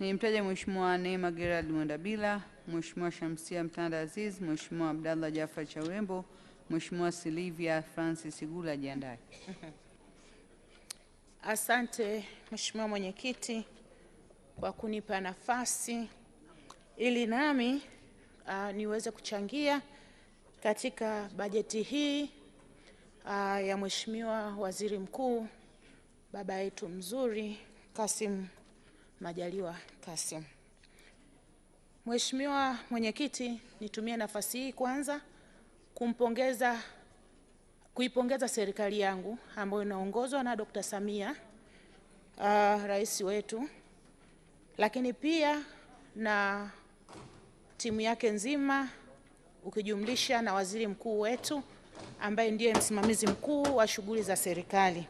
Nilimtaja Mheshimiwa Neema Gerald Mwandabila, Mheshimiwa Shamsia Mtanda Aziz, Mheshimiwa Abdallah Jafar Chawembo, Mheshimiwa silivia Francis Igula jiandae. Asante Mheshimiwa Mwenyekiti kwa kunipa nafasi ili nami uh, niweze kuchangia katika bajeti hii uh, ya Mheshimiwa Waziri Mkuu baba yetu mzuri Kasim Majaliwa Kassim. Mheshimiwa Mwenyekiti, nitumie nafasi hii kwanza kumpongeza kuipongeza serikali yangu ambayo inaongozwa na Dr. Samia uh, rais wetu, lakini pia na timu yake nzima ukijumlisha na waziri mkuu wetu ambaye ndiye msimamizi mkuu wa shughuli za serikali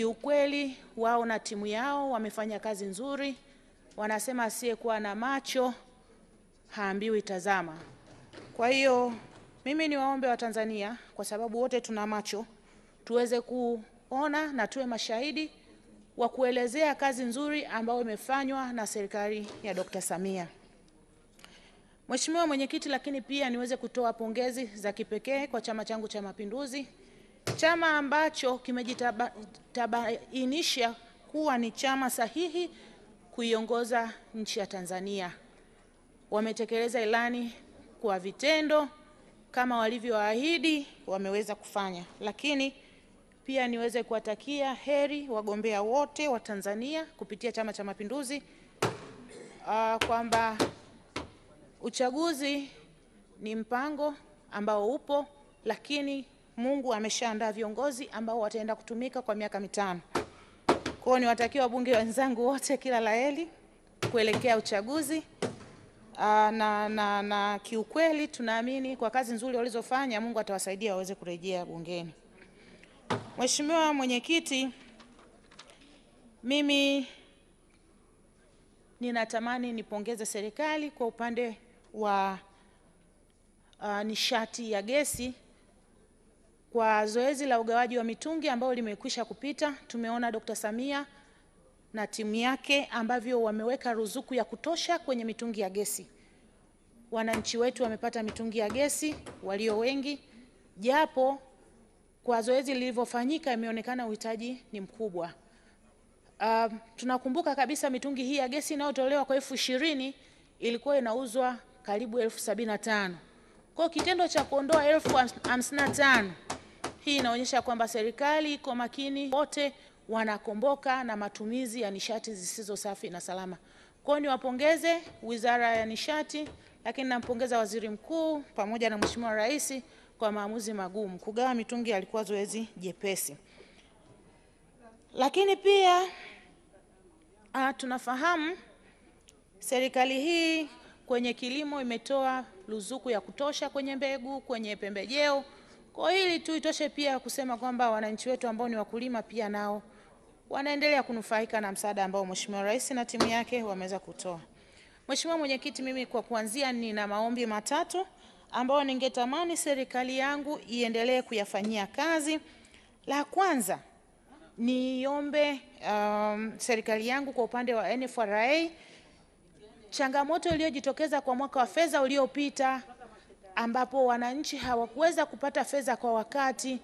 kiukweli wao na timu yao wamefanya kazi nzuri. Wanasema asiyekuwa na macho haambiwi tazama. Kwa hiyo mimi ni waombe wa tanzania kwa sababu wote tuna macho, tuweze kuona na tuwe mashahidi wa kuelezea kazi nzuri ambayo imefanywa na serikali ya Dr. Samia. Mheshimiwa Mwenyekiti, lakini pia niweze kutoa pongezi za kipekee kwa chama changu cha Mapinduzi chama ambacho kimejitabainisha kuwa ni chama sahihi kuiongoza nchi ya Tanzania. Wametekeleza ilani kwa vitendo kama walivyoahidi, wameweza kufanya. Lakini pia niweze kuwatakia heri wagombea wote wa Tanzania kupitia Chama cha Mapinduzi uh, kwamba uchaguzi ni mpango ambao upo, lakini Mungu ameshaandaa viongozi ambao wataenda kutumika kwa miaka mitano. Kwa hiyo niwatakia wabunge wenzangu wote kila laheri kuelekea uchaguzi na, ah, na, na, na kiukweli tunaamini kwa kazi nzuri walizofanya Mungu atawasaidia waweze kurejea bungeni. Mheshimiwa Mwenyekiti, mimi ninatamani nipongeze serikali kwa upande wa uh, nishati ya gesi kwa zoezi la ugawaji wa mitungi ambayo limekwisha kupita, tumeona Dkt. Samia na timu yake ambavyo wameweka ruzuku ya kutosha kwenye mitungi ya gesi. Wananchi wetu wamepata mitungi ya gesi walio wengi, japo kwa zoezi lilivyofanyika imeonekana uhitaji ni mkubwa. Uh, tunakumbuka kabisa mitungi hii ya gesi inayotolewa kwa elfu ishirini ilikuwa inauzwa karibu elfu sabini na tano. Kwa kitendo cha kuondoa elfu hamsini na tano hii inaonyesha kwamba serikali iko makini, wote wanakomboka na matumizi ya nishati zisizo safi na salama. Kwa hiyo niwapongeze Wizara ya Nishati, lakini nampongeza Waziri Mkuu pamoja na Mheshimiwa Rais kwa maamuzi magumu. Kugawa mitungi alikuwa zoezi jepesi, lakini pia a, ah, tunafahamu serikali hii kwenye kilimo imetoa ruzuku ya kutosha kwenye mbegu, kwenye pembejeo. Kwa hili tu itoshe pia kusema kwamba wananchi wetu ambao ni wakulima pia nao wanaendelea kunufaika na msaada ambao Mheshimiwa Rais na timu yake wameweza kutoa. Mheshimiwa Mwenyekiti, mimi kwa kuanzia nina maombi matatu ambayo ningetamani serikali yangu iendelee kuyafanyia kazi. La kwanza niombe um, serikali yangu kwa upande wa NFRA changamoto iliyojitokeza kwa mwaka wa fedha uliopita ambapo wananchi hawakuweza kupata fedha kwa wakati.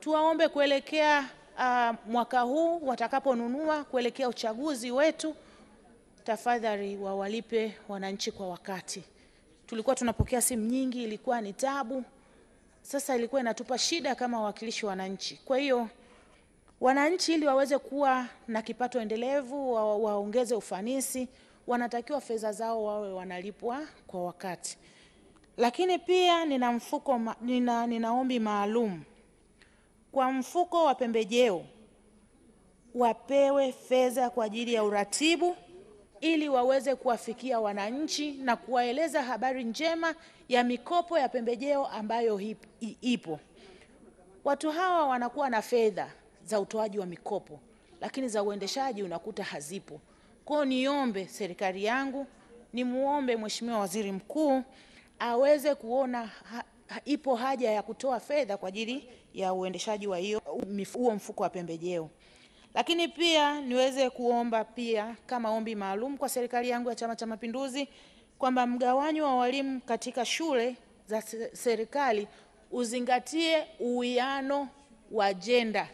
Tuwaombe kuelekea uh, mwaka huu watakaponunua kuelekea uchaguzi wetu, tafadhali wawalipe wananchi kwa wakati. Tulikuwa tunapokea simu nyingi, ilikuwa ni tabu. Sasa ilikuwa inatupa shida kama wawakilishi wananchi. Kwa hiyo wananchi, ili waweze kuwa na kipato endelevu, wa, waongeze ufanisi, wanatakiwa fedha zao wawe wanalipwa kwa wakati. Lakini pia nina mfuko, nina, nina ombi maalum kwa mfuko wa pembejeo wapewe fedha kwa ajili ya uratibu ili waweze kuwafikia wananchi na kuwaeleza habari njema ya mikopo ya pembejeo ambayo ipo. Watu hawa wanakuwa na fedha za utoaji wa mikopo, lakini za uendeshaji unakuta hazipo. Kwao niombe serikali yangu, nimwombe Mheshimiwa Waziri Mkuu aweze kuona ha, ha, ipo haja ya kutoa fedha kwa ajili ya uendeshaji wa hiyo huo mfuko wa pembejeo. Lakini pia niweze kuomba pia kama ombi maalum kwa serikali yangu ya Chama cha Mapinduzi kwamba mgawanyo wa walimu katika shule za serikali uzingatie uwiano wa jenda,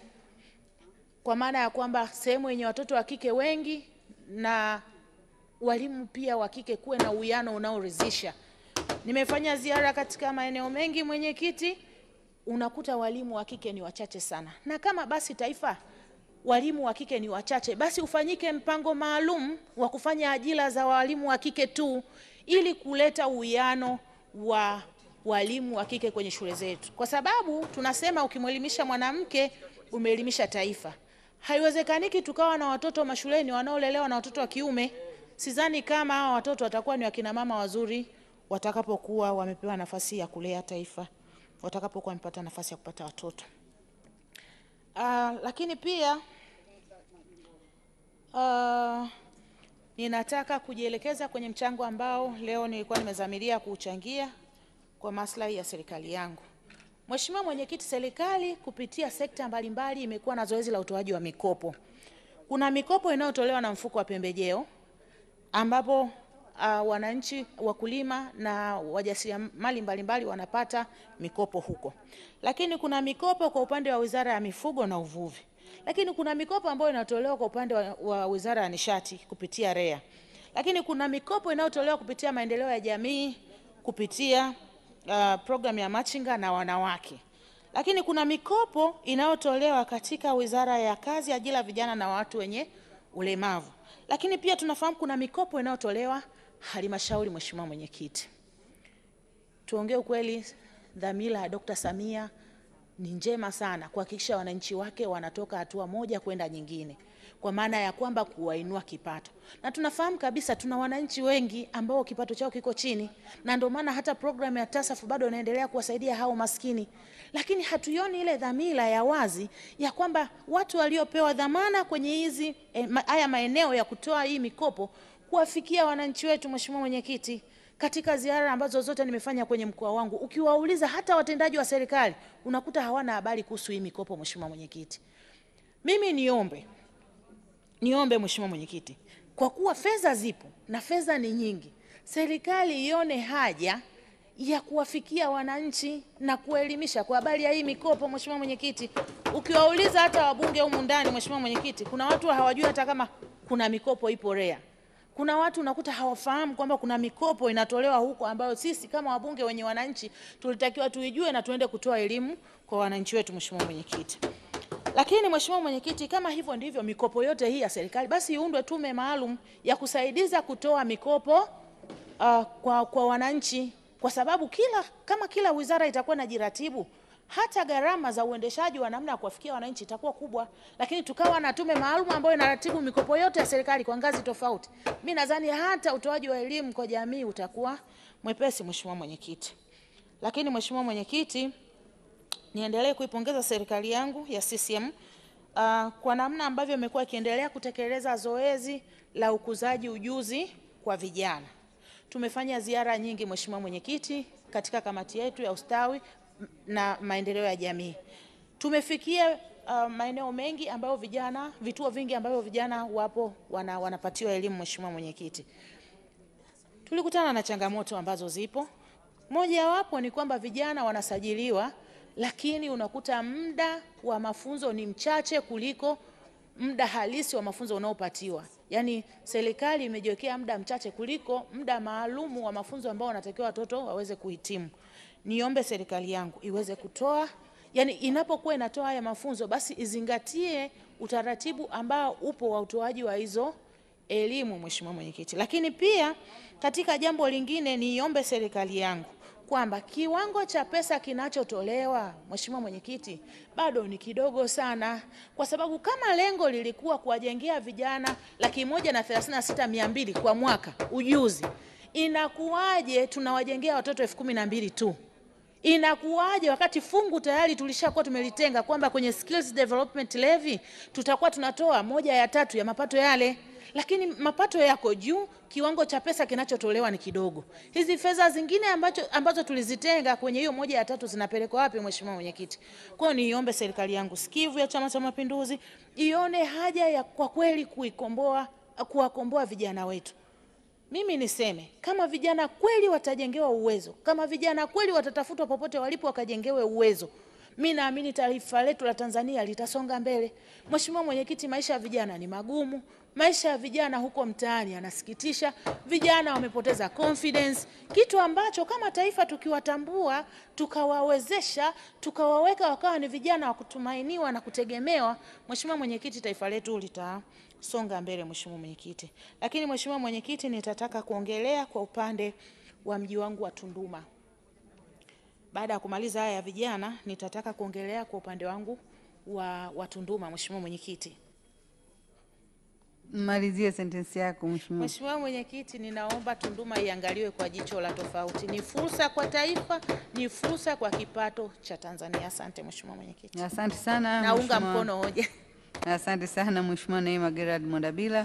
kwa maana ya kwamba sehemu yenye watoto wa kike wengi na walimu pia wa kike kuwe na uwiano unaoridhisha. Nimefanya ziara katika maeneo mengi, mwenyekiti, unakuta walimu wa kike ni wachache sana, na kama basi taifa walimu wa kike ni wachache, basi ufanyike mpango maalum wa kufanya ajira za walimu wa kike tu ili kuleta uwiano wa walimu wa kike kwenye shule zetu, kwa sababu tunasema ukimwelimisha mwanamke umeelimisha taifa. Haiwezekaniki tukawa na watoto mashuleni wanaolelewa na watoto wa kiume. Sidhani kama hawa watoto watakuwa ni wakina mama wazuri watakapokuwa wamepewa nafasi ya kulea taifa, watakapokuwa wamepata nafasi ya kupata watoto. Uh, lakini pia uh, ninataka kujielekeza kwenye mchango ambao leo nilikuwa nimezamiria kuuchangia kwa maslahi ya serikali yangu. Mheshimiwa Mwenyekiti, serikali kupitia sekta mbalimbali imekuwa na zoezi la utoaji wa mikopo. Kuna mikopo inayotolewa na mfuko wa pembejeo ambapo uh, wananchi wakulima na wajasiriamali mbalimbali wanapata mikopo huko, lakini kuna mikopo kwa upande wa Wizara ya Mifugo na Uvuvi, lakini kuna mikopo ambayo inatolewa kwa upande wa, wa Wizara ya Nishati kupitia REA, lakini kuna mikopo inayotolewa kupitia maendeleo ya jamii kupitia uh, programu ya machinga na wanawake lakini kuna mikopo inayotolewa katika Wizara ya Kazi, Ajira, Vijana na Watu wenye Ulemavu. Lakini pia tunafahamu kuna mikopo inayotolewa Halmashauri, Mheshimiwa Mwenyekiti, tuongee ukweli, dhamira ya Dkt. Samia ni njema sana kuhakikisha wananchi wake wanatoka hatua moja kwenda nyingine, kwa maana ya kwamba kuwainua kipato, na tunafahamu kabisa tuna wananchi wengi ambao kipato chao kiko chini, na ndio maana hata programu ya TASAF bado inaendelea kuwasaidia hao maskini, lakini hatuioni ile dhamira ya wazi ya kwamba watu waliopewa dhamana kwenye hizi eh, haya eh, maeneo ya kutoa hii mikopo kuwafikia wananchi wetu, Mheshimiwa Mwenyekiti, katika ziara ambazo zote nimefanya kwenye mkoa wangu, ukiwauliza hata watendaji wa serikali unakuta hawana habari kuhusu hii mikopo. Mheshimiwa Mwenyekiti, mimi niombe niombe Mheshimiwa Mwenyekiti, kwa kuwa fedha zipo na fedha ni nyingi, serikali ione haja ya kuwafikia wananchi na kuwaelimisha kwa habari ya hii mikopo. Mheshimiwa Mwenyekiti, ukiwauliza hata wabunge humu ndani, Mheshimiwa Mwenyekiti, kuna watu hawajui hata kama kuna mikopo ipo REA. Kuna watu unakuta hawafahamu kwamba kuna mikopo inatolewa huko ambayo sisi kama wabunge wenye wananchi tulitakiwa tuijue na tuende kutoa elimu kwa wananchi wetu, Mheshimiwa Mwenyekiti. Lakini Mheshimiwa Mwenyekiti, kama hivyo ndivyo mikopo yote hii ya serikali, basi iundwe tume maalum ya kusaidiza kutoa mikopo uh, kwa, kwa wananchi, kwa sababu kila kama kila wizara itakuwa na jiratibu hata gharama za uendeshaji wa namna ya kuwafikia wananchi itakuwa kubwa, lakini tukawa na tume maalum ambayo inaratibu mikopo yote ya serikali kwa ngazi tofauti. Mi nadhani hata utoaji wa elimu kwa jamii utakuwa mwepesi, Mheshimiwa Mwenyekiti. Lakini Mheshimiwa Mwenyekiti, niendelee kuipongeza serikali yangu ya CCM uh, kwa namna ambavyo imekuwa ikiendelea kutekeleza zoezi la ukuzaji ujuzi kwa vijana. Tumefanya ziara nyingi Mheshimiwa Mwenyekiti katika kamati yetu ya ustawi na maendeleo ya jamii. Tumefikia uh, maeneo mengi ambayo vijana, vituo vingi ambavyo vijana wapo wana, wanapatiwa elimu. Mheshimiwa Mwenyekiti, tulikutana na changamoto ambazo zipo. Mojawapo ni kwamba vijana wanasajiliwa, lakini unakuta muda wa mafunzo ni mchache kuliko muda halisi wa mafunzo unaopatiwa. Yaani serikali imejiwekea muda mchache kuliko muda maalumu wa mafunzo ambao wanatakiwa watoto waweze kuhitimu niombe serikali yangu iweze kutoa yani, inapokuwa inatoa haya mafunzo basi izingatie utaratibu ambao upo wa utoaji wa hizo elimu, Mheshimiwa Mwenyekiti. Lakini pia katika jambo lingine, niombe serikali yangu kwamba kiwango cha pesa kinachotolewa Mheshimiwa Mwenyekiti bado ni kidogo sana, kwa sababu kama lengo lilikuwa kuwajengea vijana laki moja na thelathini na sita mia mbili kwa mwaka ujuzi, inakuwaje tunawajengea watoto elfu kumi na mbili tu? Inakuwaje wakati fungu tayari tulishakuwa tumelitenga kwamba kwenye skills development levy tutakuwa tunatoa moja ya tatu ya mapato yale, lakini mapato yako juu, kiwango cha pesa kinachotolewa ni kidogo. Hizi fedha zingine ambacho, ambazo tulizitenga kwenye hiyo moja ya tatu zinapelekwa wapi, Mheshimiwa Mwenyekiti? Kwa hiyo niombe serikali yangu sikivu ya Chama cha Mapinduzi ione haja ya kwa kweli kuikomboa kuwakomboa vijana wetu. Mimi niseme kama vijana kweli watajengewa uwezo, kama vijana kweli watatafutwa popote walipo wakajengewe uwezo Mi naamini taifa letu la Tanzania litasonga mbele. Mheshimiwa Mwenyekiti, maisha ya vijana ni magumu. Maisha ya vijana huko mtaani yanasikitisha. Vijana wamepoteza confidence, kitu ambacho kama taifa tukiwatambua, tukawawezesha, tukawaweka wakawa ni vijana wa kutumainiwa na kutegemewa, Mheshimiwa Mwenyekiti, taifa letu litasonga mbele. Mheshimiwa Mwenyekiti, lakini Mheshimiwa Mwenyekiti, nitataka kuongelea kwa upande wa mji wangu wa Tunduma. Baada ya kumaliza haya ya vijana, nitataka kuongelea kwa upande wangu wa, watunduma Mheshimiwa Mwenyekiti, malizie sentensi yako mheshimiwa. Mheshimiwa Mwenyekiti, ninaomba Tunduma iangaliwe kwa jicho la tofauti. Ni fursa kwa taifa, ni fursa kwa kipato cha Tanzania. Asante Mheshimiwa Mwenyekiti. Asante sana. Naunga mkono hoja. Asante sana Mheshimiwa Neema Gerard Mwandabila.